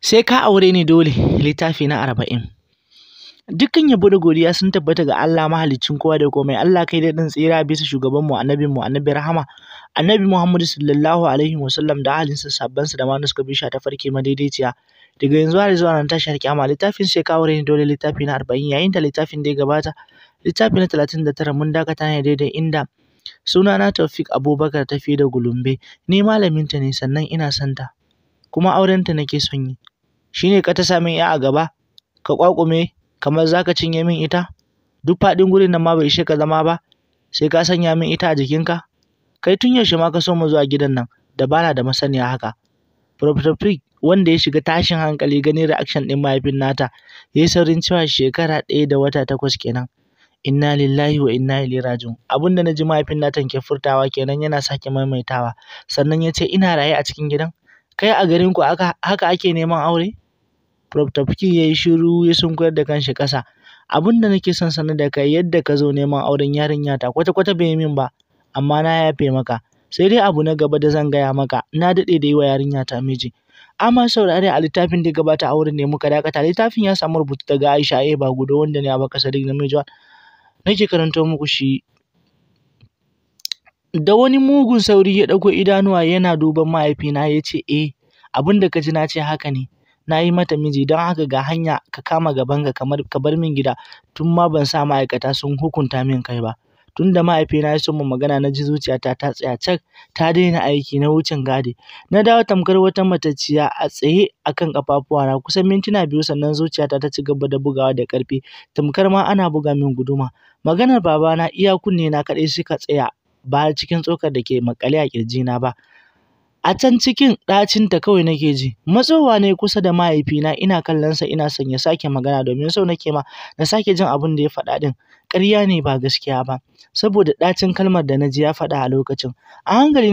sai ka aure ni dole littafi na arba'in dukkan yabo da godiya sun tabbata ga Allah mahaliccin kowa da komai Allah kai da din tsira bisa shugaban mu annabin mu annabi rahama annabi Muhammadu sallallahu alaihi wasallam da halin sa sabban sa da manus ka bisha ta farke madaidaiciya daga yanzu har zuwa nan tashar kiyama littafin sai ka aure ni dole littafi na arba'in yayin da littafin da ya gabata littafi na talatin da tara mun dakata ne daidai inda sunana Taufik Abubakar tafi da gulumbe ni malaminta ne sannan ina santa kuma aurenta nake son yi shi ne ka ta sa min ya a gaba ka ƙwaƙume kamar zaka cinye min ita duk faɗin gurin nan ma bai ishe ka zama ba sai ka sanya min ita a jikinka kai tun yaushe ma ka so mu zuwa gidan nan da bana da masaniya haka Professor wanda ya shiga tashin hankali ganin reaction ɗin mahaifin nata ya yi saurin cewa shekara ɗaya da wata takwas kenan inna lillahi wa inna ilaihi raji'un abin da na ji mahaifin nata ke furtawa kenan yana sake maimaitawa sannan ya ce ina raye a cikin gidan Kai a garin ku haka ake neman aure? Prof Tafkin ya shiru ya sunkuyar da kanshi ƙasa. Abin da nake son sanar da kai yadda ka zo neman auren yarinya ta kwata-kwata bai min ba, amma na yafe maka. Sai dai abu na gaba da zan gaya maka, na daɗe da yi wa ta miji. Amma saurare a littafin da gabata auren ne muka dakata. Littafin ya samu rubutu daga Aisha A. gudo wanda ne a Abba da Namiji nake karanto muku shi. Da wani mugun sauri ya ɗauko idanuwa yana duban mahaifina ya ce, Eh, abin da ka ji na ce haka ne. Na yi mata miji don haka ga hanya ka kama gabanka kamar ka bar min gida tun ma ban sa ma'aikata sun hukunta min kai ba. Tun da mahaifina ya soma magana na ji zuciyata ta tsaya cak ta daina aiki na wucin gadi. Na dawo tamkar wata matacciya a tsaye akan kan na kusan mintuna biyu sannan zuciyata ta ci gaba da bugawa da ƙarfi tamkar ma ana buga min guduma. Maganar babana iya kunne na kaɗai suka tsaya ba cikin tsokar da ke maƙale a na ba. A can cikin ɗacinta kawai nake ji, matsowa ne kusa da mahaifina ina kallonsa ina son ya sake magana domin so nake ma na sake jin abun da ya faɗa ɗin. Ƙarya ne ba gaskiya ba, saboda ɗacin kalmar da na ji ya faɗa a lokacin. A hankali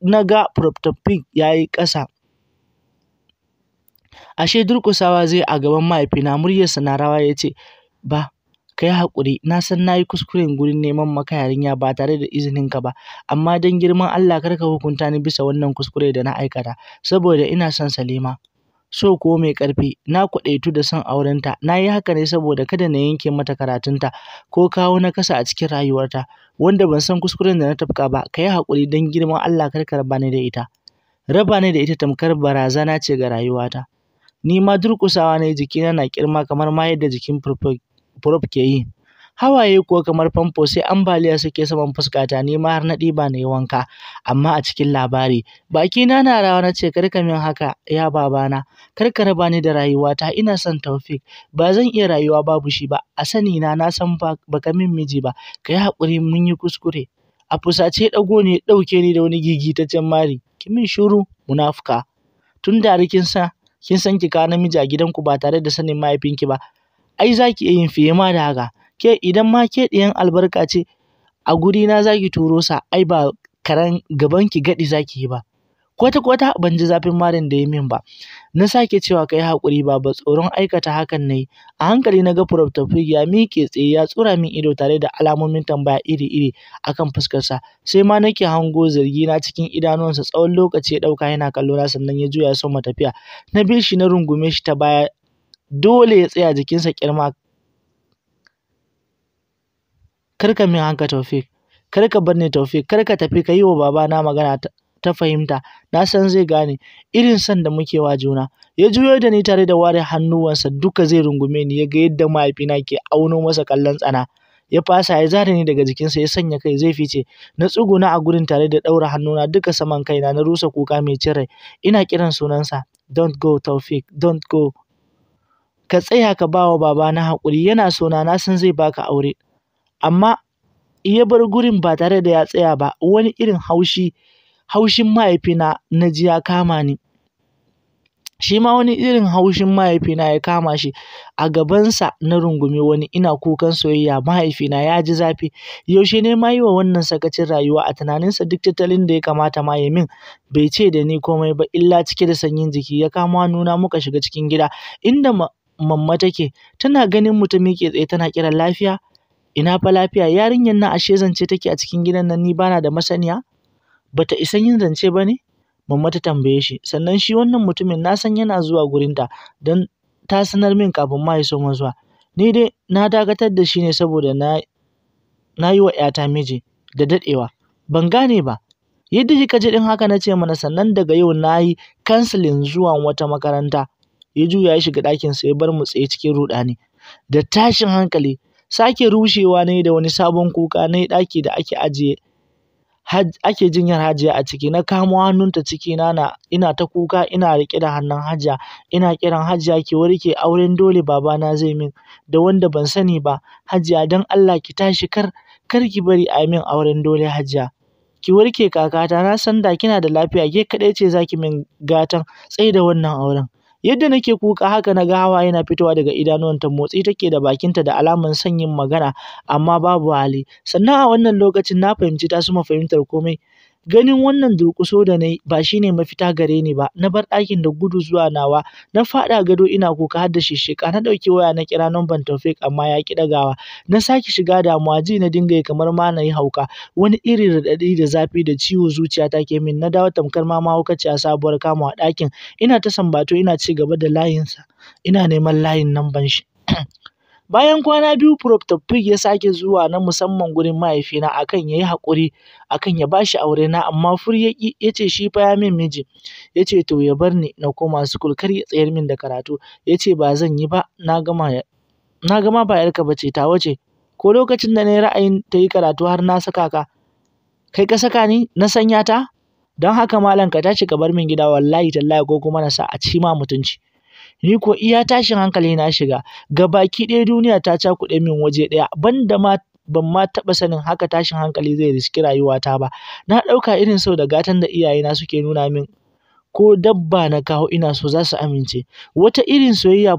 na ga Proctopig ya yi ƙasa. Ashe durƙusawa zai a gaban mahaifina muryarsa na rawa ya ce, ba ka yi haƙuri. Na san na yi kuskuren gurin neman maka yarinya ba tare da izinin ka ba, amma don girman Allah kar ka hukunta ni bisa wannan kuskure da na aikata, saboda ina son Salima. So ko mai ƙarfi, na kwaɗaitu da son aurenta, na yi haka ne saboda kada na yanke mata karatunta ko kawo nakasa a cikin rayuwarta, wanda ban san kuskuren da na tafka ba, ka yi haƙuri don girman Allah kar ka raba ni da ita. Raba ni da ita tamkar barazana ce ga rayuwata. Ni ma durƙusawa na yi jikina na ƙirma kamar ma yadda jikin Prof ke yi. Hawaye kuwa kamar famfo sai ambaliya suke saman fuskata ta ma har na ɗiba na yi wanka, amma a cikin labari. Baki na na rawa na ce karka min haka ya babana, karkar raba ni da rayuwa ta ina son Taufik, ba zan iya rayuwa babu shi ba, a sani na na san baka min miji ba, ka yi haƙuri mun yi kuskure. A fusace ɗago ne ɗauke ni da wani gigi ta gigitaccen mari, ki min shiru munafuka. Tun da rikin sa kin san ki kawo namiji a gidanku ba tare da sanin mahaifinki ba, ai za ki iya yin fiye ma da haka. Ke idan ma ke ɗiyan albarka ce a gurina za ki turo sa ai ba karan gaban ki gaɗi za ki yi ba. Kwata kwata ban ji zafin marin da ya min ba. Na sake cewa kai haƙuri ba, ba tsoron aikata hakan na yi. A hankali na ga Prof tafi ya miƙe tsaye ya tsura min ido tare da alamomin tambaya iri iri akan fuskarsa. Sai ma nake hango zargi na cikin idanuwansa tsawon lokaci ya ɗauka yana kallona sannan ya juya ya soma tafiya. Na bi shi na rungume shi ta baya dole ya tsaya jikinsa kirma kar ka min hanka Taufik kar ka bar ni kar ka tafi ka yi wa babana magana ta fahimta na san zai gane irin san da muke wa juna ya juyo da ni tare da ware hannuwansa duka zai rungume ni ya ga yadda mahaifina ke auno masa kallon tsana ya fasa ya zare ni daga jikinsa ya sanya kai zai fice na tsuguna a gurin tare da ɗaura hannuna duka saman kaina na rusa kuka mai cire ina kiran sunansa don't go Taufik don't go ka tsaya ka ba wa babana haƙuri yana sona na san zai baka aure amma ya bar gurin ba tare da ya tsaya ba wani irin haushi haushin mahaifina na ji ya kama ni shi ma wani irin haushin mahaifina ya kama shi a gabansa na rungume wani ina kukan soyayya mahaifina ya ji zafi yaushe ne ma yi wa wannan sakacin rayuwa a tunaninsa duk tattalin da ya kamata ma ya min bai ce da ni komai ba illa cike da sanyin jiki ya kama nuna muka shiga cikin gida inda mamma take tana ganin mutum yake tsaye tana kiran lafiya ina fa lafiya yarinyar nan ashe zance take a cikin gidan nan ni bana da masaniya bata isa yin zance ba ne mamma ta tambaye shi sannan shi wannan mutumin na san yana zuwa gurinta don ta sanar min kafin ma ya zuwa ni dai na dakatar da shi ne saboda na na yi wa ‘yata miji da dadewa. ban gane ba yadda kika ji din haka na ce mana sannan daga yau na yi kansilin zuwa wata makaranta ya juya ya shiga ɗakinsa ya bar mu tsaye cikin ruɗani. Da tashin hankali sake rushewa ne da wani sabon kuka na ɗaki da ake ajiye ake jinyar hajiya a ciki na kamo hannunta ciki na na ina ta kuka ina riƙe da hannun hajiya ina kiran hajiya ki warke auren dole babana zai min da wanda ban sani ba hajiya don Allah ki tashi kar kar ki bari a min auren dole hajiya ki warke kakata na san da kina da lafiya ke kaɗai ce zaki min gatan da wannan auren Yadda nake kuka haka na ga hawa yana fitowa daga idanuwanta motsi take da bakinta da alaman son yin magana amma babu hali. Sannan a wannan lokacin na fahimci ta suma fahimtar komai Ganin wannan durƙuso da nayi ba shi ne mafita gare ni ba, na bar ɗakin da gudu zuwa nawa, na faɗa gado ina kuka har da shishshika, na ɗauki waya na kira numban Taufik amma ya ƙi ɗagawa. Na sake shiga damuwa ji na dinga yi kamar ma na yi hauka, wani irin raɗaɗi da zafi da ciwo zuciya ta ke min, na dawo tamkar ma mahaukaci a sabuwar kamawa ɗakin, ina ta sambato ina ci gaba da layinsa, ina neman layin numban shi. Bayan kwana biyu Prof Taofiq ya sake zuwa na musamman gurin mahaifina akan ya yi haƙuri akan ya ba shi aurena amma fur ya ƙi ya ce shi fa ya min miji. Ya ce to ya bar ni na koma sukul kar ya tsayar min da karatu. Ya ce ba zan yi ba na gama na gama ba ‘yarka ba ce tawa ce. Ko lokacin da na yi ra'ayin ta yi karatu har na saka ka. Kai ka saka ni na sanya ta? Don haka malam ka tashi ka bar min gida wallahi tallahi ko kuma na sa a ci ma mutunci. ni ko iya tashin hankali na shiga gabaki ɗaya duniya ta cakuɗe min waje ɗaya banda ma ban ma taɓa sanin haka tashin hankali zai riski rayuwata ba na ɗauka irin sau da gatan da iyayena suke nuna min ko dabba na kawo ina so za su amince wata irin soyayya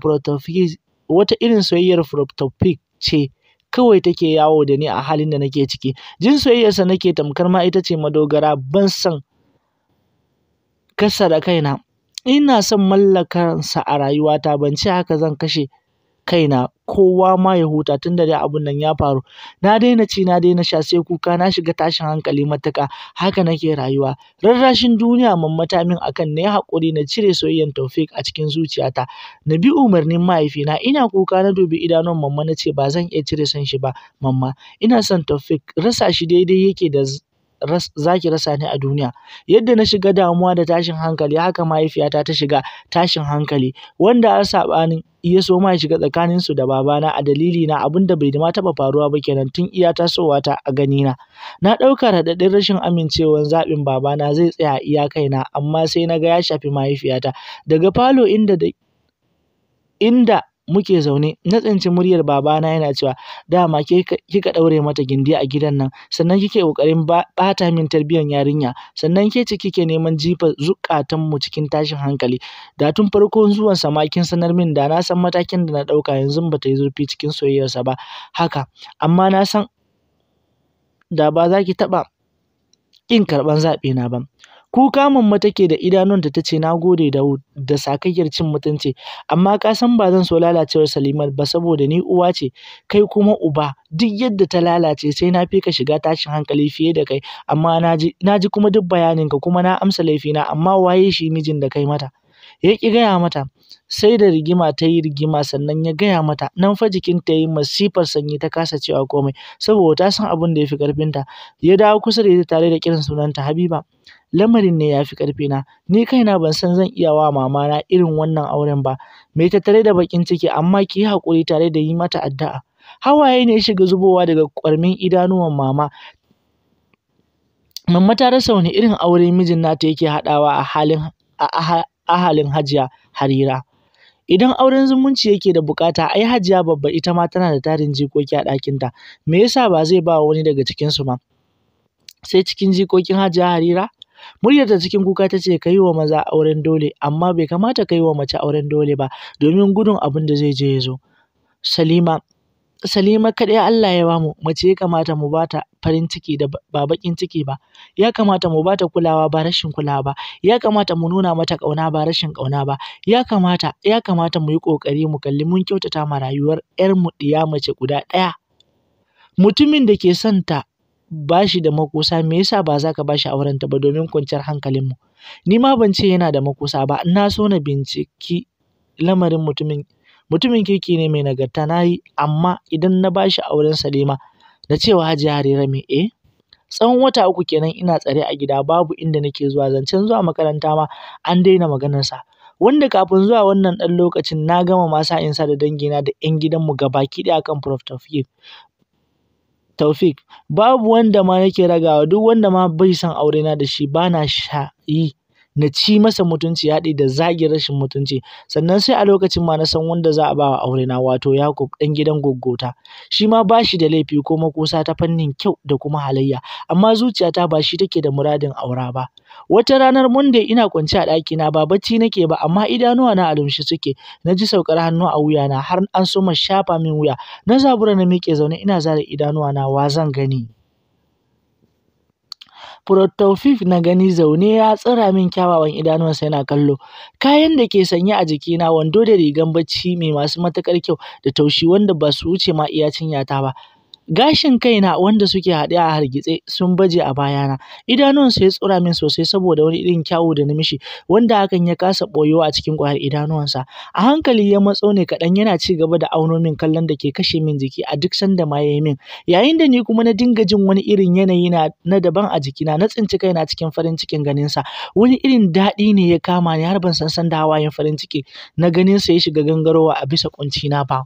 wata irin soyayyar protofik ce kawai take yawo da ni a halin da nake ciki jin soyayyarsa nake tamkar ma ita ce madogara ban san kasa da kaina Ina son sa a rayuwata, ban ce haka zan kashe kaina, kowa ma ya huta tunda dai abun nan ya faru. Na daina ci, na daina sha, sai kuka, na shiga tashin hankali matuka, Haka nake rayuwa. Rarrashin duniya mamma min a kan na na cire soyayyar Taofiq a cikin zuciyata, na bi umarnin mahaifina. Ina kuka na dubi idanun mamma na ce ba zan iya cire son shi ba mamma. Ina son Taofiq, rasa shi daidai yake da zaki rasa ni a duniya yadda na shiga damuwa da tashin hankali haka mahaifiyata ta shiga tashin hankali wanda a saɓanin iya so ma ya shiga tsakanin su da babana a dalili na abin da bai ma taba faruwa ba kenan tun iya ta a gani na na ɗauka raɗaɗin rashin amincewan zaɓin babana zai tsaya iya kaina amma sai na ga ya shafi mahaifiyata daga falo inda da inda muke zaune na tsinci muryar babana yana cewa dama ke kika ɗaure mata gindi a gidan nan sannan kike ƙoƙarin ɓata min tarbiyyar yarinya sannan ke ce kike neman jifa zukatan mu cikin tashin hankali da tun farko zuwan sa ma kin sanar min da na san matakin da na ɗauka yanzu ba ta yi zurfi cikin soyayyarsa ba haka amma na san da ba za ki taɓa ƙin karɓan na ba Kuka Mamma take da idanunta ta ce na gode da, da sakayyar cin mutunci, amma ka san ba zan so lalacewar Salimat ba saboda ni uwa ce, kai kuma uba, duk yadda ta lalace sai na fi ka shiga tashin hankali fiye da kai, amma naji ji, kuma duk bayaninka kuma na amsa laifina amma waye shi mijin da kai mata. Ya ƙi gaya mata, sai da rigima ta yi rigima sannan ya gaya mata, nan fa jikin ta yi masifar sanyi ta kasa cewa komai, saboda ta san abin da ya fi ƙarfinta. Ya dawo kusa da ita tare da kiran sunanta Habiba. lamarin ne ya fi ƙarfina. Ni kaina ban san zan iya wa mamana irin wannan auren ba, mai tare da bakin ciki amma ki yi haƙuri tare da yi mata addu'a. Hawaye ne ya shiga zubowa daga ƙwarmin idanuwan mama. Mamma ta rasa wani irin aure mijin nata yake haɗawa a halin a halin Hajiya Harira. Idan auren zumunci yake da buƙata, ai Hajiya babba ita ma tana da tarin jikoki a ɗakinta, me yasa ba zai ba wani daga cikinsu ba? Sai cikin jikokin Hajiya Harira? Muryarta cikin kuka ta ce ka yi wa maza auren dole amma bai kamata ka yi wa mace auren dole ba domin gudun abin da zai je ya zo. Salima Salima kaɗai Allah ya bamu mace ya kamata mu bata farin ciki da ba baƙin ciki ba ya kamata mu bata kulawa ba rashin kulawa ba ya kamata mu nuna mata ƙauna ba rashin ƙauna ba ya kamata ya kamata mu yi ƙoƙari mu kalli mun kyautata ma rayuwar yar mu ɗiya mace guda ɗaya mutumin da ke son ta ba shi da makusa me yasa ba za ka ba shi auren ta ba domin kwanciyar hankalin mu ni ma ban ce yana da makusa ba na so na binciki lamarin mutumin mutumin kirki ne mai nagarta na yi amma idan na ba shi auren Salima na cewa Hajiya Harira me eh tsawon wata uku kenan ina tsare a gida babu inda nake zuwa zancen zuwa makaranta ma an daina maganarsa wanda kafin zuwa wannan ɗan lokacin na gama ma sa da dangina da 'yan gidanmu gabaki daya kan Prof Tawfiq Taofiq, babu wanda ma nake ragawa, duk wanda ma bai son aurena da shi ba na sha yi. na ci masa mutunci haɗi da zagi rashin mutunci sannan sai a lokacin ma na san wanda za a ba wa aurena wato Yakub ɗan gidan goggota shi ma ba shi da laifi ko makusa ta fannin kyau da kuma halayya amma zuciyata ba shi take da muradin aura ba wata ranar Monday ina kwance a ɗakina ba bacci nake ba amma idanuwa na alumshi suke na ji saukar hannu a wuya na har an soma shafa min wuya na zabura na miƙe zaune ina zare idanuwa na wa zan gani Protopopov na gani zaune ya tsira min kyawawan idanuwansa yana kallo. Kayan da ke sanye a jikina wando da rigan bacci mai masu matuƙar kyau da taushi wanda ba su wuce ma iya cinyata ba. Gashin kaina wanda suke haɗe a hargitse sun baje a bayana. Idanuwansa ya tsura min sosai saboda wani irin kyawu da na mishi wanda hakan ya kasa boyewa a cikin ƙwayar idanuwansa. A hankali ya matso ne kaɗan yana ci gaba da auno min kallon da ke kashe min jiki a duk sanda ma ya yi min. Yayin da ni kuma na dinga jin wani irin yanayi na, na daban a jikina na tsinci kaina cikin farin cikin ganinsa. Wani irin daɗi ne ya kama ni har ban san da hawayen farin ciki na ganinsa ya shiga gangarowa a bisa na ba.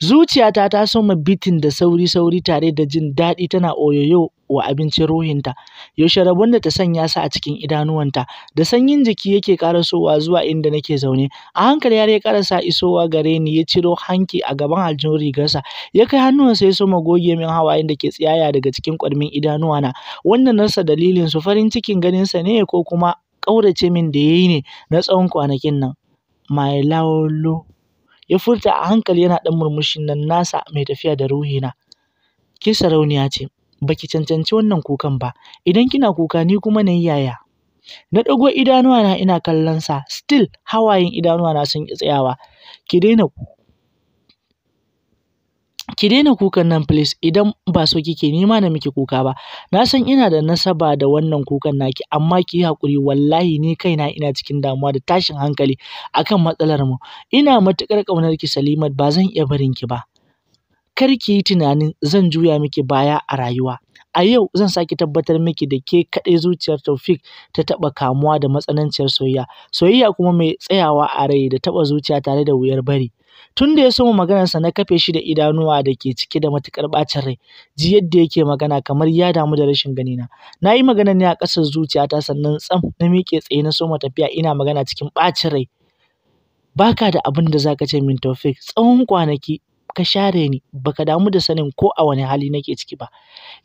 Zuciyata ta soma bitin da sauri-sauri tare da jin daɗi tana oyoyo wa abincin ruhinta, yaushe rabon da ta sanya sa a cikin idanuwanta. Da sanyin jiki yake ƙarasowa zuwa inda nake zaune, a hankali har ya ƙarasa isowa gare ni ya ciro hanki a gaban aljihun rigarsa, ya kai hannuwansa ya soma goge min hawayen da ke tsiyaya daga cikin ƙwarmin idanuwana. Wannan nasa dalilin su farin cikin ganinsa ne ko kuma ƙaurace min da ya yi ne na tsawon kwanakin nan. My Laolo. ya furta a hankali yana ɗan murmushin nan nasa mai tafiya da ruhina Kin sarauniya ce baki cancanci wannan kukan ba idan kina kuka ni kuma na yi yaya na ɗago na, ina kallon sa still hawayen na, sun ƙi tsayawa ki daina ki daina kukan nan please idan ba so kike ni ma na miki kuka ba na san ina da nasaba da wannan kukan naki amma ki yi hakuri wallahi ni kaina ina cikin damuwa da tashin hankali akan matsalar mu ina matukar kaunar ki Salimat ba zan iya barin ki ba kar ki yi tunanin zan juya miki baya a rayuwa a yau zan sake tabbatar miki da ke kaɗai zuciyar Taufik ta taɓa kamuwa da matsananciyar soyayya soyayya kuma mai tsayawa a rai da taɓa zuciya tare da wuyar bari Tun da ya soma maganarsa na kafe shi da idanuwa da ke cike da matukar ɓacin rai, ji yadda yake magana kamar ya damu da rashin gani Na yi maganar ne a ƙasar zuciyata sannan tsam na miƙe tsaye na soma tafiya ina magana cikin ɓacin rai. Baka da abin da za ka ce min tofik tsawon kwanaki ka share ni baka damu da sanin ko a wani hali nake ciki ba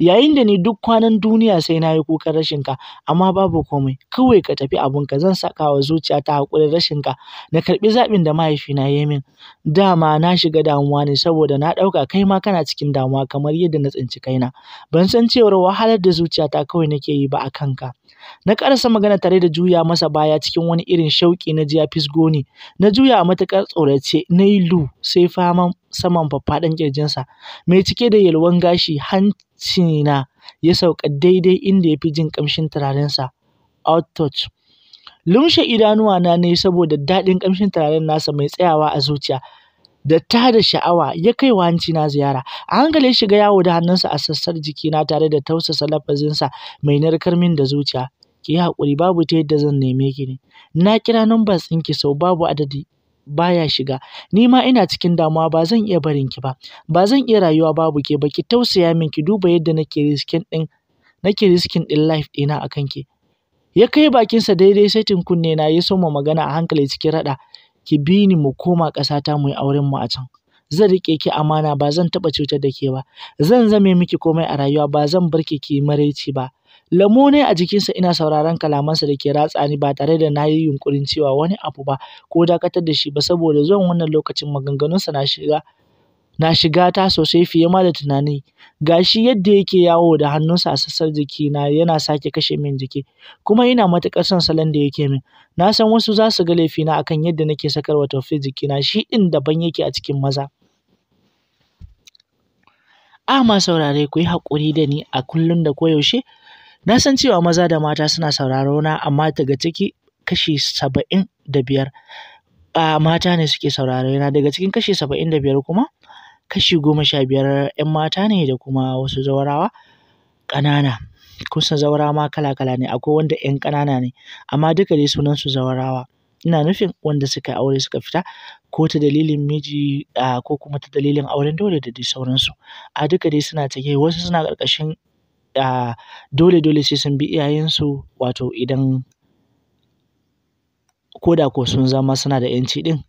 yayin da ni duk kwanan duniya sai na yi kukan rashin ka amma babu komai kawai ka tafi abun ka zan saka wa zuciya ta haƙurin rashin ka na karɓi zaɓin da mahaifina ya min dama na shiga damuwa ne saboda na ɗauka kai ma kana cikin damuwa kamar yadda na tsinci kaina ban san cewar wahalar da zuciyata kawai nake yi ba a kanka Na ƙarasa magana tare da juya masa baya cikin wani irin shauƙi na jiya Fisgoni, Na juya a matuƙar tsorace, na yi lu sai faman saman faffaɗan ƙirjinsa. Mai cike da yalwan gashi hancina ya sauka daidai inda ya fi jin ƙamshin turarensa. Out touch. Lumshe idanuwana ne saboda daɗin ƙamshin turaren nasa mai tsayawa a zuciya. da ta da sha'awa ya kai wa hanci na ziyara. A hankali ya shiga yawo da hannunsa a sassar jikina tare da tausasa lafazinsa mai narkar min da zuciya. Ki yi haƙuri babu ta yadda zan neme ki ne. Na kira numbar tsinki sau babu adadi baya shiga. Ni ma ina cikin damuwa ba zan iya barin ki ba. Ba zan iya rayuwa babu ke ba ki tausaya min ki duba yadda nake riskin ɗin nake riskin din life dina a ki. Ya kai bakinsa daidai saitin kunne na ya soma magana a hankali cikin raɗa. ki bi ni mu koma ƙasata mu yi auren mu a can. Zan riƙe ki amana ba zan taɓa cutar da ke ba. Zan zame miki komai a rayuwa ba zan bar ki ki yi maraici ba. Lamu ne a jikinsa ina sauraron kalamansa da ke ratsa ni ba tare da na yi yunƙurin cewa wani abu ba ko dakatar da shi ba saboda zuwan wannan lokacin maganganunsa na shiga na shiga ta sosai fiye ma da tunani Ga shi yadda yake yawo da hannunsa a sassar jikina yana sake kashe min jiki kuma ina matuƙar son salon da yake min na san wasu za su ga laifina akan yadda nake wa Taufik jikina shi ɗin daban yake a cikin maza a ma saurare ku yi haƙuri da ni a kullum da koyaushe na san cewa maza da mata suna sauraro na amma daga ciki kashi saba'in da biyar a mata ne suke sauraro na daga cikin kashi saba'in da biyar kuma kashi goma sha biyar 'yan mata ne da kuma wasu zawarawa ƙanana. Kusan zawarawa ma kala kala ne, akwai wanda 'yan ƙanana ne, amma duka dai sunansu zawarawa. Ina nufin wanda suka yi aure suka fita ko ta dalilin miji ko kuma ta dalilin auren dole da dai sauransu. A duka dai suna cike, wasu suna ƙarƙashin dole dole sai sun bi iyayensu wato idan ko da ko sun zama suna da 'yanci ɗin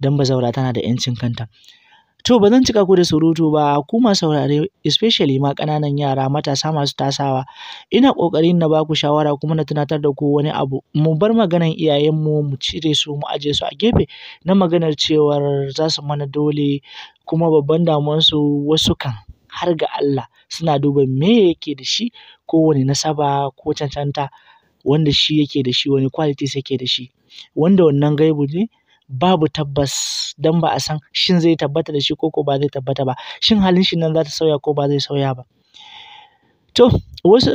don zaura tana da 'yancin kanta. To ba zan cika ku da surutu ba, ku masu saurare especially ma ƙananan yara matasa masu tasawa. Ina ƙoƙarin na baku shawara kuma na tunatar da ku wani abu. Mu bar maganan iyayenmu mu cire su mu aje su a gefe na maganar cewar za su mana dole kuma babban damuwarsu wasu kan har ga Allah suna duba me yake da shi ko wani nasaba ko cancanta wanda shi yake da shi wani qualities yake da shi wanda wannan gaibu ne babu tabbas don ba a san shin zai tabbata da shi ko ko ba zai tabbata ba shin halin shi nan za ta sauya ko ba zai sauya ba to wasu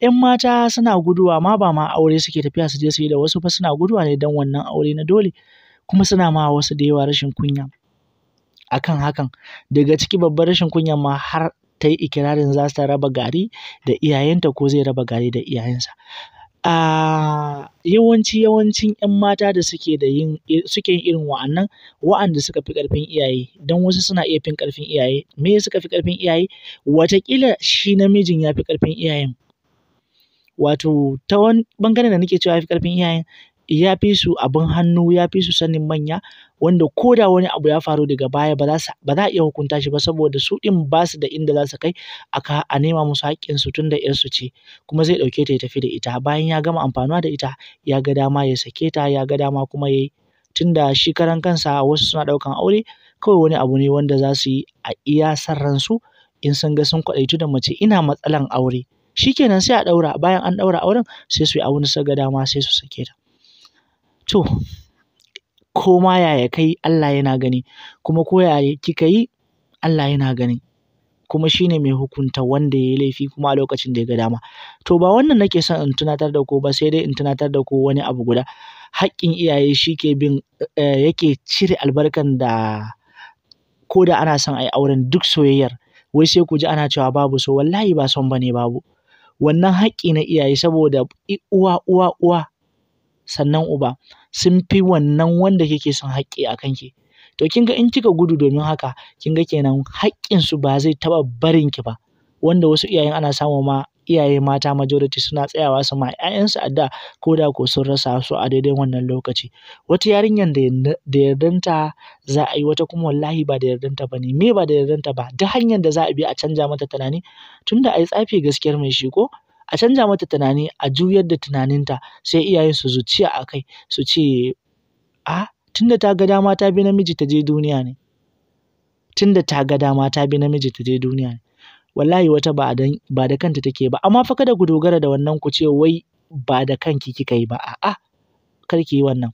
'yan mata suna guduwa ma ba ma aure suke tafiya su je su yi da wasu ba suna guduwa ne don wannan aure na dole kuma suna ma wasu da yawa rashin kunya akan hakan daga ciki babban rashin kunya ma har ta yi ikirarin za su raba gari da iyayenta ko zai raba gari da iyayensa yawanci yawancin 'yan mata da suke da yin suke yin irin wa'annan wa'anda suka fi ƙarfin iyaye don wasu suna iya fin ƙarfin iyaye me suka fi ƙarfin iyaye watakila shi namijin ya fi ƙarfin iyayen wato ta wani ɓangaren da nake cewa ya fi ƙarfin iyayen ya fi su abin hannu ya fi su sanin manya wanda ko da wani abu ya faru daga baya ba za a iya hukunta shi ba saboda su ɗin ba su da inda za su kai aka a nema musu haƙƙinsu tun da ‘yarsu ce kuma zai ɗauke ta ya tafi da ita bayan ya gama amfanuwa da ita ya ga dama ya sake ta ya ga dama kuma ya yi tun da shi karan kansa wasu suna ɗaukan aure kawai wani abu ne wanda za su yi a iya san ransu in sun ga sun kwaɗaitu da mace ina matsalan aure shikenan sai a ɗaura bayan an ɗaura auren sai su yi abin da suka ga dama sai su sake ta to koma yaya kai Allah yana gani kuma ko yaya kika yi Allah yana gani kuma shi ne mai hukunta wanda ya yi laifi kuma a lokacin da ya ga dama to ba wannan nake son in tunatar da ku ba sai dai in tunatar da ku wani abu guda haƙƙin iyaye shi ke bin eh, yake cire albarkan da ko da ana son a yi auren duk soyayyar wai sai ku ji ana cewa babu so wallahi ba son bane babu wannan haƙƙi na iyaye saboda uwa uwa uwa sannan uba sun fi wannan wanda kike son haƙƙi a kanki to kin ga in kika gudu domin haka kin ga kenan haƙƙin su ba zai taɓa barin ki ba wanda wasu iyayen ana samu ma iyaye mata majority suna tsayawa su ma ‘ya'yansu adda ko da ko sun rasa su a daidai wannan lokaci wata yarinyar da yardanta za a yi wata kuma wallahi ba da yardanta ba ne me ba da yardanta ba duk hanyar da za a bi a canja mata tunani tunda a yi tsafi gaskiyar mai shi ko a canza mata tunani a juyar da tunaninta sai iyayen su zuciya a kai su ce a tunda ta ga dama ta bi namiji ta je duniya ne tunda ta ga dama ta bi namiji ta je duniya ne wallahi wata ba da kanta take ba amma fa kada ku dogara da wannan ku ce wai ba da kanki kika yi ba a'a kar ki yi wannan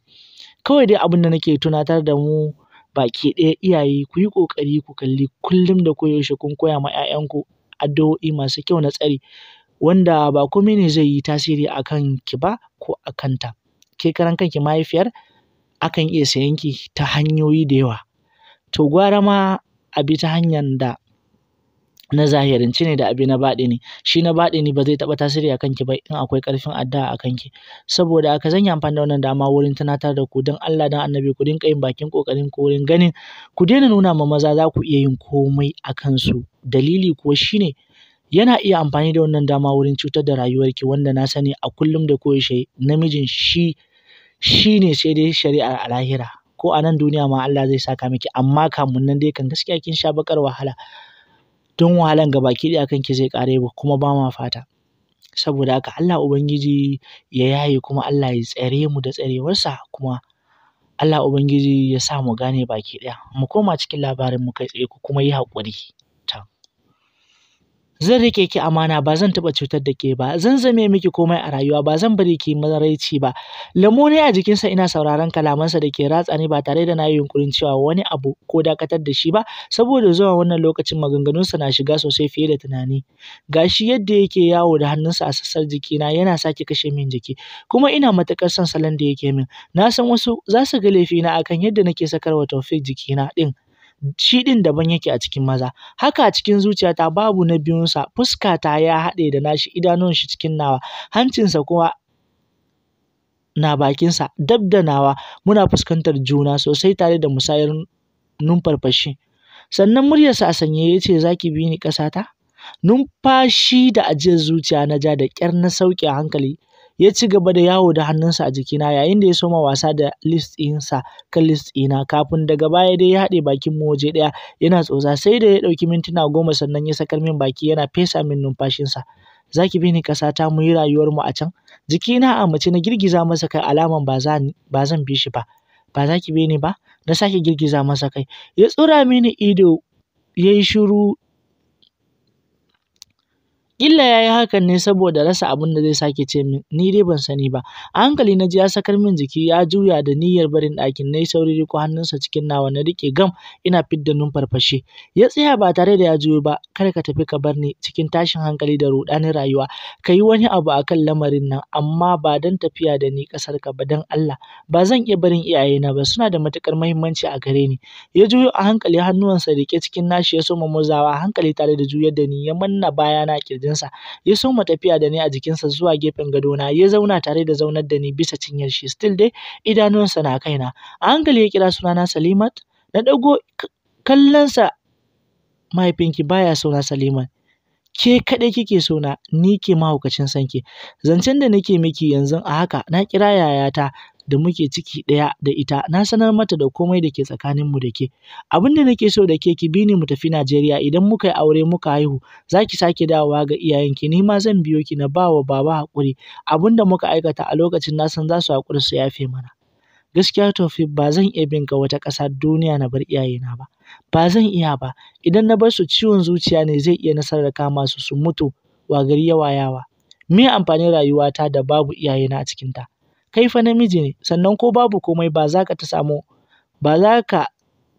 kawai dai abin da nake tunatar da mu baki ɗaya iyaye ku yi ƙoƙari ku kalli kullum da koyaushe kun koya ma 'ya'yanku addu'o'i masu kyau na tsari wanda ba komai ne zai yi tasiri a kanki ba ko a kanta. Ke karan kanki mahaifiyar akan iya sayan ki ta hanyoyi da yawa. To gwara ma a bi ta hanyar da na zahirance ne da abi na baɗi ne, Shi na ne ba zai taɓa tasiri a kanki ba in akwai ƙarfin addu'a a kanki. Saboda haka zan yi amfani da wannan dama wurin tunatar da ku don Allah don Annabi ku dinga yin bakin ƙoƙarin ku wurin ganin ku daina nuna ma maza za ku iya yin komai a kansu. Dalili kuwa shine. ne yana iya amfani da wannan dama wurin cutar da rayuwarki wanda na sani a kullum da koyaushe namijin shi shi ne sai dai shari'ar a lahira ko a nan duniya ma Allah zai saka miki amma kamun nan dai kan gaskiya kin sha bakar wahala don wahalan ga baki ɗaya kanki zai ƙare kuma ba ma fata saboda haka Allah Ubangiji ya yaye kuma Allah ya tsare mu da tsarewarsa kuma Allah Ubangiji ya sa mu gane baki ɗaya mu koma cikin labarin mu kai tsaye ku kuma yi haƙuri zan rike ki amana ba zan taɓa cutar da ke ba zan zame miki komai a rayuwa ba zan bari ki maraici ba lamo ne a jikinsa ina sauraron kalamansa da ke ratsa ni ba tare da na yi yunkurin cewa wani abu ko dakatar da shi ba saboda zuwa wannan lokacin maganganunsa na shiga sosai fiye da tunani gashi yadda yake yawo da hannunsa a sassar jikina yana sake kashe min jiki kuma ina matuƙar son salon da yake min na san wasu za su ga laifina akan yadda nake sakarwa Taufik jikina ɗin shi ɗin daban yake a cikin maza. Haka a cikin zuciyata babu na biyunsa, fuskata ya haɗe da nashi, idanun shi cikin nawa, hancinsa kuma na bakinsa dab da nawa. Muna fuskantar juna sosai tare da musayar numfarfashi. Sannan muryarsa a sanye ya ce, za ki bi ƙasata? Numfashi da ajiyar zuciya na ja da ƙyar na sauke a hankali. Ya ci gaba da yawo da hannunsa a jikina yayin da ya soma wasa da lips ɗinsa kan list ɗina kafin daga baya dai ya haɗe bakin mu waje ɗaya yana tsotsa sai da ya ɗauki mintuna goma sannan ya sakar min baki yana fesa min numfashinsa. Za ki bi ni ƙasa ta mu yi rayuwarmu a can? Jikina a mace na girgiza masa kai alaman ba zan bi shi ba. Ba za ki bi ni ba? Na sake girgiza masa kai. Ya tsura mini ido ya yi shiru Illa ya yi hakan ne saboda rasa abin da zai sake ce min, ni dai ban sani ba. A hankali na ji ya sakar min jiki ya juya da niyyar barin ɗakin na yi sauri riko hannunsa cikin nawa na riƙe gam ina fidda numfarfashi. Ya tsaya ba tare da ya juyo ba, kar ka tafi ka bar ni cikin tashin hankali da ruɗanin rayuwa. Ka yi wani abu a kan lamarin nan amma ba don tafiya da ni ƙasar ka ba don Allah. Ba zan iya barin iyayena ba suna da matuƙar muhimmanci a gare ni. Ya juyo a hankali hannuwansa riƙe cikin nashi ya soma murzawa hankali tare da juyar da ni ya manna bayana ƙirjin jikinsa. Ya soma tafiya da ni a jikinsa zuwa gefen gadona, ya zauna tare da zaunar da ni bisa cinyar shi. Still dai idanunsa na kaina. A hankali ya kira sunana Salimat, na ɗago kallonsa mahaifinki baya sona Salimat. Ke kaɗai kike sona, ni ke mahaukacin sanki. Zancen da nake miki yanzu a haka na kira yayata da muke ciki ɗaya da ita na sanar mata da komai da ke tsakanin mu da ke abin da nake so da ke ki bi ni mu tafi Najeriya idan muka yi aure muka haihu za ki sake dawowa ga iyayenki ni ma zan biyo ki na ba wa baba haƙuri abin da muka aikata a lokacin na san za su haƙuri su yafe mana gaskiya Taufik ba zan iya bin ka wata ƙasa duniya na bar iyayena ba ba zan iya ba idan na bar su ciwon zuciya ne zai iya nasarar kama su su mutu wa gari yawa yawa me amfanin rayuwata da babu iyayena a cikinta kai fa namiji ne sannan ko babu komai ba za ka ta samu ba za ka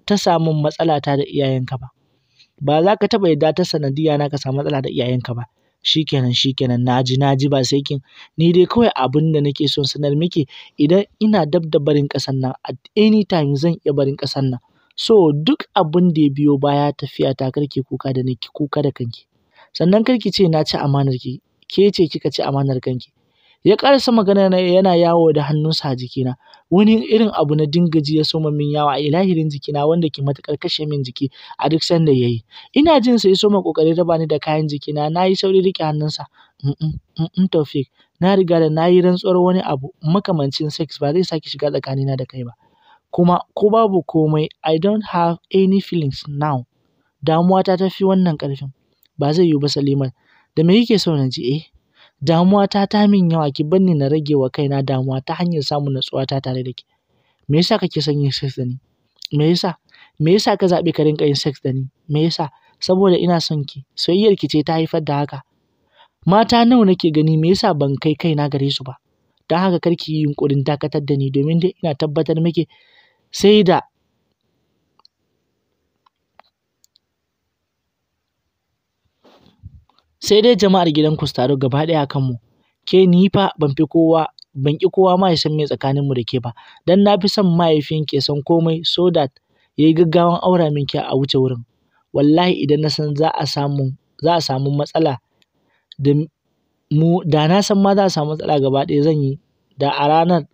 ta samu matsala ta da iyayenka ba ba za ka taɓa yadda ta sanadiyya na ka samu matsala da iyayenka ba shikenan shikenan naji naji ba sai kin ni dai kawai abin da nake son sanar miki idan ina dab da barin ƙasar nan at any time zan iya barin ƙasar nan so duk abin da ya biyo baya tafiya ta karki kuka da nake kuka da kanki sannan karki ce na ci amanar ki ke ce kika ci amanar kanki ya ƙarasa magana na yana yawo da hannunsa a jikina wani irin abu na dingaji ya soma min yawo a ilahirin jikina wanda ke matuƙar kashe min jiki a duk sanda ya yi ina jin sa ya soma ƙoƙarin raba ni da kayan jikina na yi sauri riƙe hannunsa in tofik na riga da na yi rantsuwar wani abu makamancin sex ba zai sake shiga tsakanina da kai ba kuma ko babu komai I don't have any feelings now Damuwa ta tafi wannan ƙarfin ba zai yiwu ba Saliman da me yake so na ji eh damuwa ta ta min yawa ki bar na rage wa kaina damuwa ta hanyar samun natsuwa ta tare da ke me yasa kake son yin sex da ni me yasa me yasa ka zaɓi ka rinƙa yin sex da ni me yasa saboda ina son ki soyayyar ki ce ta haifar da haka mata nawa nake gani me yasa ban kai kaina gare su ba don haka kar ki yi yunƙurin dakatar da ni domin dai ina tabbatar miki sai da sai dai jama'ar gidanku su taru gaba ɗaya a kanmu ke ni fa ban fi kowa ban ƙi kowa ma ya san me tsakaninmu da ke ba dan na fi son mahaifin ke san komai so that ya yi gaggawan aura min ke a wuce wurin wallahi idan na san za a samu za a samu matsala da mu da na san ma za a samu matsala gaba ɗaya zan yi da a ranar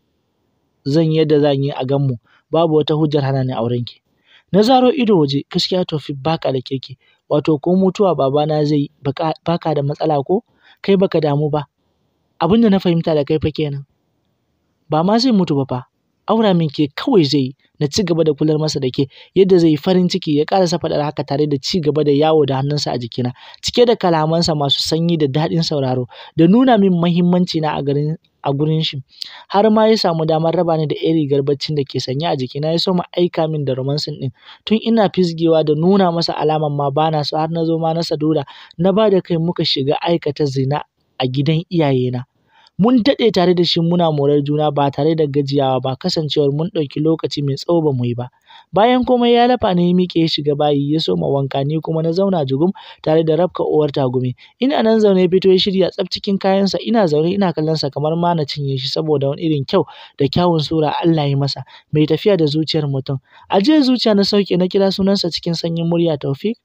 zan yi yadda zan yi a ganmu babu wata hujjar hana ni ki. na zaro ido waje gaskiya tofi baka da kirki wato ko mutuwa babana zai baka da matsala ko kai baka damu ba abin da na fahimta da kai fa kenan ba ma zai mutu ba fa aura min ke kawai zai yi na ci gaba da kular masa da ke yadda zai yi farin ciki ya karasa faɗar haka tare da ci gaba da yawo da hannunsa a jikina cike da kalamansa masu sanyi da daɗin sauraro da nuna min mahimmanci na a garin a gurin shi har ma ya samu damar raba ni da yan rigar baccin da ke sanye a jikina ya so mu aika min da romansin ɗin, tun ina fisgewa da nuna masa alaman ma bana so har na zo ma na sadura na bada kai muka shiga aikata zina a gidan iyayena Mun daɗe tare da shi muna morar juna ba tare da gajiyawa ba kasancewar mun ɗauki lokaci mai tsawo ba mu yi ba. Bayan komai ya lafa ne ya miƙe ya shiga bayi ya soma wanka ni kuma na zauna jugum tare da rafka uwar tagumi. Ina nan zaune fito ya shirya tsaf cikin kayansa ina zaune ina kallonsa kamar ma na cinye shi saboda wani irin kyau da kyawun sura Allah ya masa mai tafiya da zuciyar mutum. A jiya zuciya na sauke na kira sunansa cikin sanyin murya Taufik.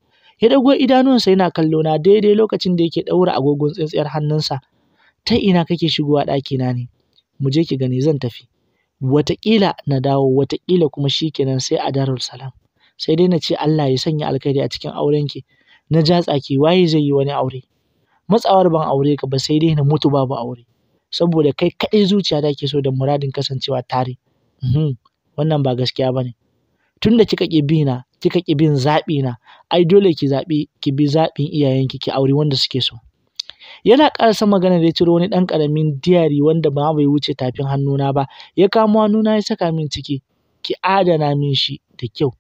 Ya dago idanuwansa yana kallo na daidai lokacin da yake ɗaura agogon tsintsiyar hannunsa. ta ina kake shigowa ɗakina ne mu je ki gani zan tafi wataƙila na dawo wataƙila kuma shi kenan sai a darul salam sai dai na ce Allah ya sanya alkhairi a cikin aurenki na ja tsaki waye zai yi wani aure matsawar ban aure ka ba sai dai na mutu babu aure saboda kai kaɗai zuciya ta ke so da muradin kasancewa tare uhm, wannan ba gaskiya bane tun da kika ƙi na kika ƙi bin zaɓi na ai dole ki zaɓi ki bi zaɓin iyayenki ki auri wanda suke so yana ƙarasa magana da ya ciro wani ɗan ƙaramin diyari wanda ba bai wuce tafin hannuna ba ya kamo hannuna ya saka min ciki ki adana min shi da kyau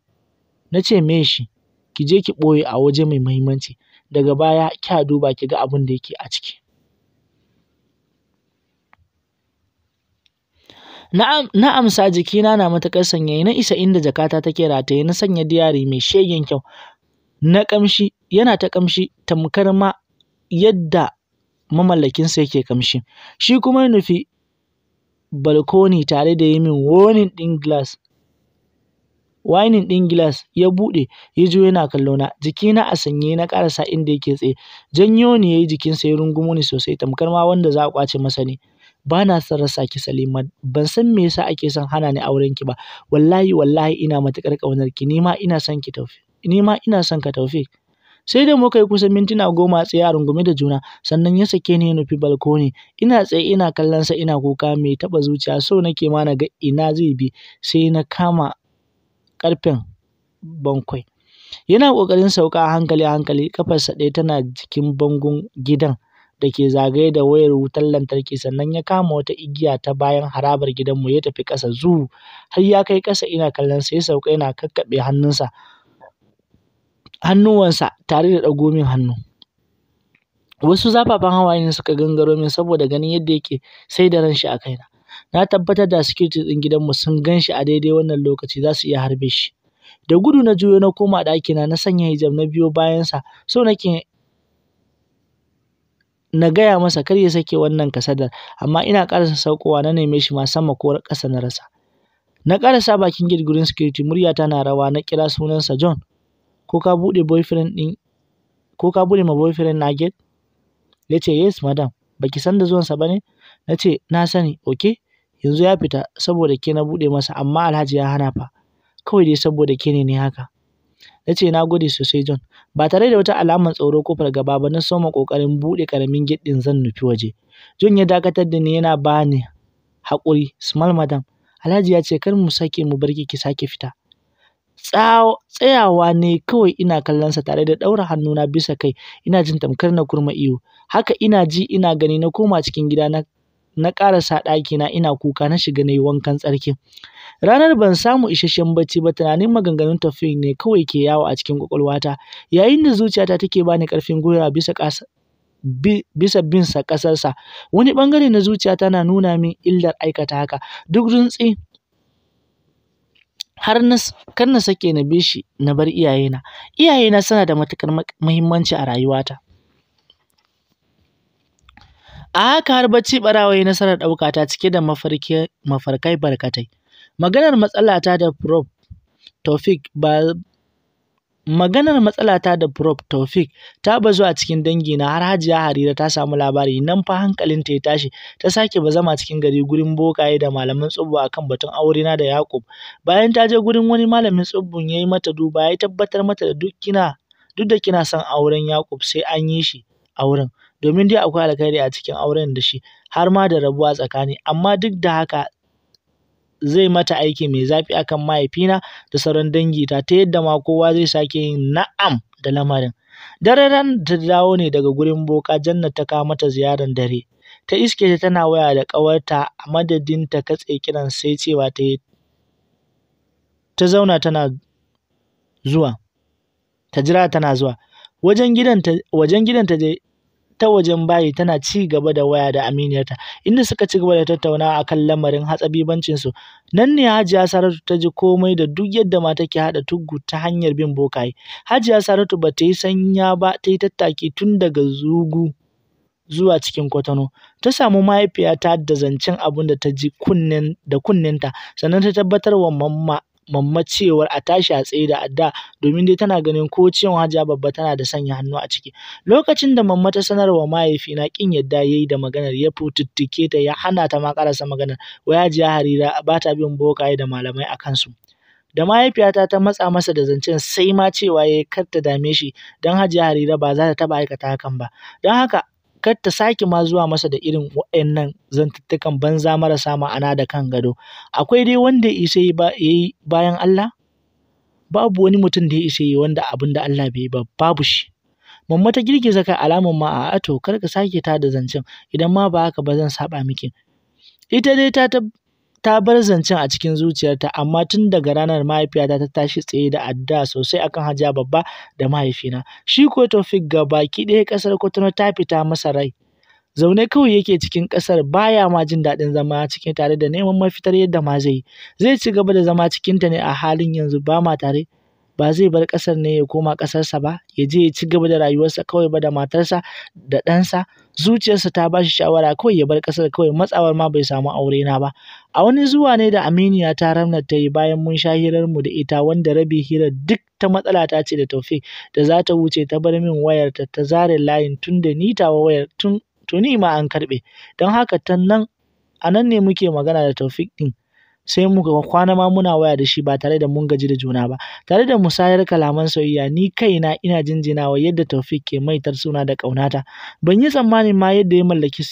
na ce me shi ki je ki ɓoye a waje mai muhimmanci daga baya kya duba ki ga abin da yake a ciki Na amsa jikina na matuƙar sanyaya na isa inda jakata take rataye na sanya diyari mai shegen kyau na ƙamshi yana ta ƙamshi tamkar ma yadda Mamallakin sa yake kamshi. Shi kuma ya nufi balkoni tare da yi min warning ɗin glass Wainin ɗin gilas ya buɗe, ya juyo yana na. jikina a sanye na ƙarasa inda yake tsaye. Janyo ni ya yi jikinsa ya rungumo ni sosai tamkar ma wanda za a ƙwace masa ne. Ba na son rasa ki Salima, ban san me yasa ake son hana ni auren ki ba. Wallahi wallahi ina matuƙar ƙaunar ki, ni ma ina son ki Ni ina son ka Taufik. Sai da muka yi kusan mintuna goma a tsaye a rungume da juna, sannan ya sake ni ya nufi balkoni. Ina tsaye ina kallon sa ina kuka mai taɓa zuciya, so nake ma na ga ina zai bi. Sai na kama ƙarfen bankwai. Yana kokarin sauka a hankali a hankali, ƙafarsa ɗaya tana jikin bangon gidan da ke zagaye da wayar wutar lantarki sannan ya kama wata igiya ta bayan harabar gidanmu ya tafi ƙasa zuu har ya kai ƙasa ina kallon sa ya sauka yana kakkaɓe hannunsa. hannuwansa tare da ɗago hannu. Wasu zafafan hawaye ne suka gangaro min saboda ganin yadda yake sai da ranshi a kaina. Na tabbatar da security ɗin gidanmu sun gan shi a daidai wannan lokaci za su iya harbe shi. Da gudu na juyo na koma ɗakina na sanya hijab na biyo bayansa so nake na gaya masa kar ya sake wannan kasadar amma ina ƙarasa saukowa na neme shi ma sama ko ƙasa na rasa. Na ƙarasa bakin gate gurin security muryata na rawa na kira sunansa John ko ka buɗe boyfriend ɗin ko ka buɗe ma boyfriend na gate ya ce yes madam baki san da zuwansa ba ne na ce na sani ok yanzu ya fita saboda ke na buɗe masa amma alhaji ya hana fa kawai dai saboda ke ne ne haka na ce na gode sosai john ba tare da wata alamar tsoro ko fargaba ba na soma kokarin buɗe karamin gate ɗin zan nufi waje john ya dakatar da ni yana bani haƙuri small madam alhaji ya ce kar mu sake mu barki ki sake fita tsayawa ne kawai ina kallon sa tare da ɗaura hannuna bisa kai, ina jin tamkar na kurma iyo. Haka ina ji ina gani na koma cikin gida na na ƙarasa na ina kuka na shiga na yi wankan tsarki. Ranar ban samu isasshen bacci ba tunanin maganganun Taofiq ne kawai ke yawo a cikin ƙwaƙwalwata, yayin da zuciyata take bani ƙarfin gwiwa bisa bisa binsa ƙasarsa. Wani ɓangare na zuciyata na nuna min illar aikata haka, duk runtsi har na kar na sake na bi shi na bar iyayena iyayena suna da matuƙar muhimmanci a rayuwata a haka har bacci ɓarawa nasarar ɗauka ta cike da mafarkai barkatai maganar matsalata da prof Tofik ba Maganar matsala ta da Prof Taufik ta bazu a cikin dangi na, har Hajiya Harira ta samu labari nan fa hankalinta ya tashi ta sake bazama cikin gari gurin bokaye da malaman tsubbu kan batun aure na da Yakub. Bayan ta je gurin wani malamin tsubun ya yi mata duba ya tabbatar mata da duk kina duk da kina son auren Yakub sai an yi shi auren. Domin dai akwai alkhairi a cikin auren da shi har ma da rabuwa tsakani amma duk da haka zai mata aiki mai zafi akan mahaifina da sauran dangita ta yadda ma kowa zai sake yin na'am da lamarin. Dare ran ta dawo ne daga gurin boka Jannat ta kawo mata ziyarar dare. Ta iske ta tana waya da ƙawarta a madadin ta katse kiran sai cewa ta yi ta zauna tana zuwa ta jira tana zuwa wajen gidan wajen gidan ta je ta wajen bayi tana ci gaba da waya da aminiyarta inda suka ci gaba da tattaunawa kan lamarin hatsabibancin su nan ne Hajiya Saratu ta ji komai da duk yadda mata ke hada tuggu ta hanyar bin bokaye Hajiya Saratu ba ta yi sanya ba ta yi tattaki tun daga zugu zuwa cikin kwatano ta samu mahaifiyata da zancen abin da ta ji kunnen da kunnenta sannan ta tabbatar wa mamma mammacewar a tashi a tsaye da adda domin dai tana ganin ko ciwon hajiya babba tana da sanya hannu a ciki. Lokacin da mamma ta sanar mahaifi mahaifina kin yadda yayi da maganar ya fututtuke ta ya hana ta ma ƙarasa maganar wai hajiya Harira ba ta bin bokaye da malamai a kansu. da mahaifiyata ta matsa masa da zancen sai ma cewa ya kar ta dame shi don Hajiya Harira ba za ta taɓa aikata hakan ba. Don haka kar ta sake ma zuwa masa da irin waɗannan zantattukan banza marasa ma'ana da kan gado akwai dai wanda ya isa yi bayan Allah babu wani mutum da ya isa yi wanda abin da Allah bai ba babu shi mamma ta girgiza kai alaman ma a to kar ka sake ta da zancen idan ma ba haka ba zan saba miki ita dai ta Ta bar zancen a cikin zuciyarta, amma tun daga ranar mahaifiyata ta tashi tsaye da adda sosai akan Hajiya Babba da mahaifina. Shi tofik ga baki ɗaya ƙasar Kwatano ta fita masa rai. zaune kawai yake cikin ƙasar baya ma jin daɗin zama cikin tare da neman mafitar yadda ma zai yi zai ci gaba da zama cikinta ne a halin yanzu ba ma tare ba zai bar ƙasar ne ya koma ƙasarsa ba ya je ya ci gaba da rayuwarsa kawai ba da matarsa da ɗansa zuciyarsa ta ba shi shawara kawai ya bar ƙasar kawai matsawar ma bai samu aure na ba a wani zuwa ne da aminiya ta ramna ta yi bayan mun sha hirar mu da ita wanda rabi hirar duk ta matsala ta ce da taufik da za ta wuce ta bar min wayarta ta zare layin tun da ni tawa wayar tun tuni ma an karɓe don haka ta nan a nan ne muke magana da taufik ɗin sai mu kwana ma muna waya da shi ba tare da mun gaji da juna ba tare da musayar kalaman soyayya ni kaina ina jinjinawa yadda Taufik ke maitar suna da kaunata ban yi tsammanin ma yadda ya mallaki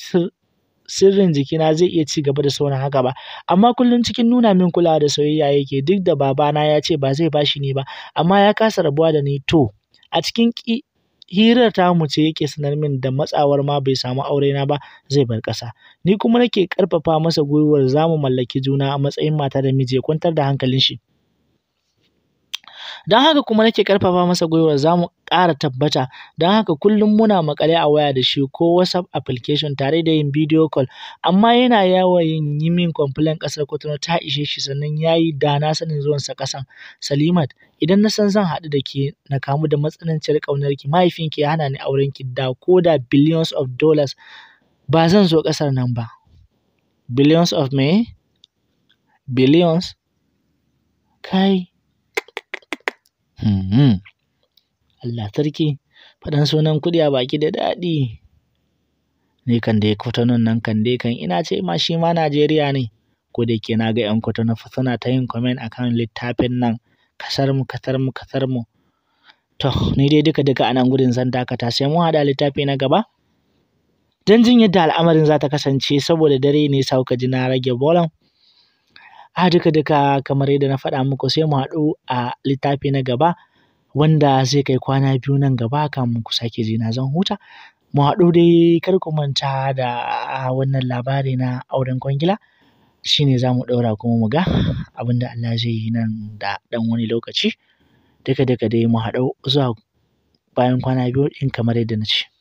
sirrin jikina zai iya ci gaba da sauran haka ba amma kullum cikin nuna min kulawa da soyayya yake duk da babana ya ce ba zai bashi ni ba amma ya kasa rabuwa da ni to a cikin hirar ta mu ce yake sanar min da matsawar ma bai samu aure na ba zai bar ƙasa ni kuma nake ƙarfafa masa gwiwar zamu mallaki juna a matsayin mata da miji ya kwantar da hankalin shi don haka kuma nake karfafa masa gwiwa za mu ƙara tabbata don haka kullum muna makale a waya da shi ko whatsapp application tare da yin video call amma yana yawan yin yi min complain ƙasar Kotono ta ishe shi sannan ya yi da na sanin zuwansa ƙasan Salimat idan na san zan haɗu da ke na kamu da matsananciyar ƙaunar ki mahaifinki ya hana ni auren ki da ko da billions of dollars ba zan zo ƙasar nan ba billions of me billions kai Mm-hmm. Allah sarki, faɗan sunan kuɗi a baki da daɗi. Ni kan ya kwatanon nan kan dai kan ina ce ma shi ma Najeriya ne. Ko da ke na ga 'yan kwatano suna ta yin comment akan littafin nan, kasar mu kasar mu kasar mu. To, ni dai duka duka anan gudun zan dakata sai mu hada littafi na gaba. Don jin yadda al'amarin za ta kasance saboda dare ne sauka ji na rage bolan a duka duka kamar yadda na faɗa muku sai mu haɗu a littafi na gaba wanda zai kai kwana biyu nan gaba kamun ku sake na zan huta mu haɗu dai kar ku manta da wannan labari na auren kwangila shine za mu ɗaura kuma mu ga abin da Allah zai yi nan da ɗan wani lokaci duka duka dai mu haɗu zuwa bayan kwana biyu in kamar yadda na ce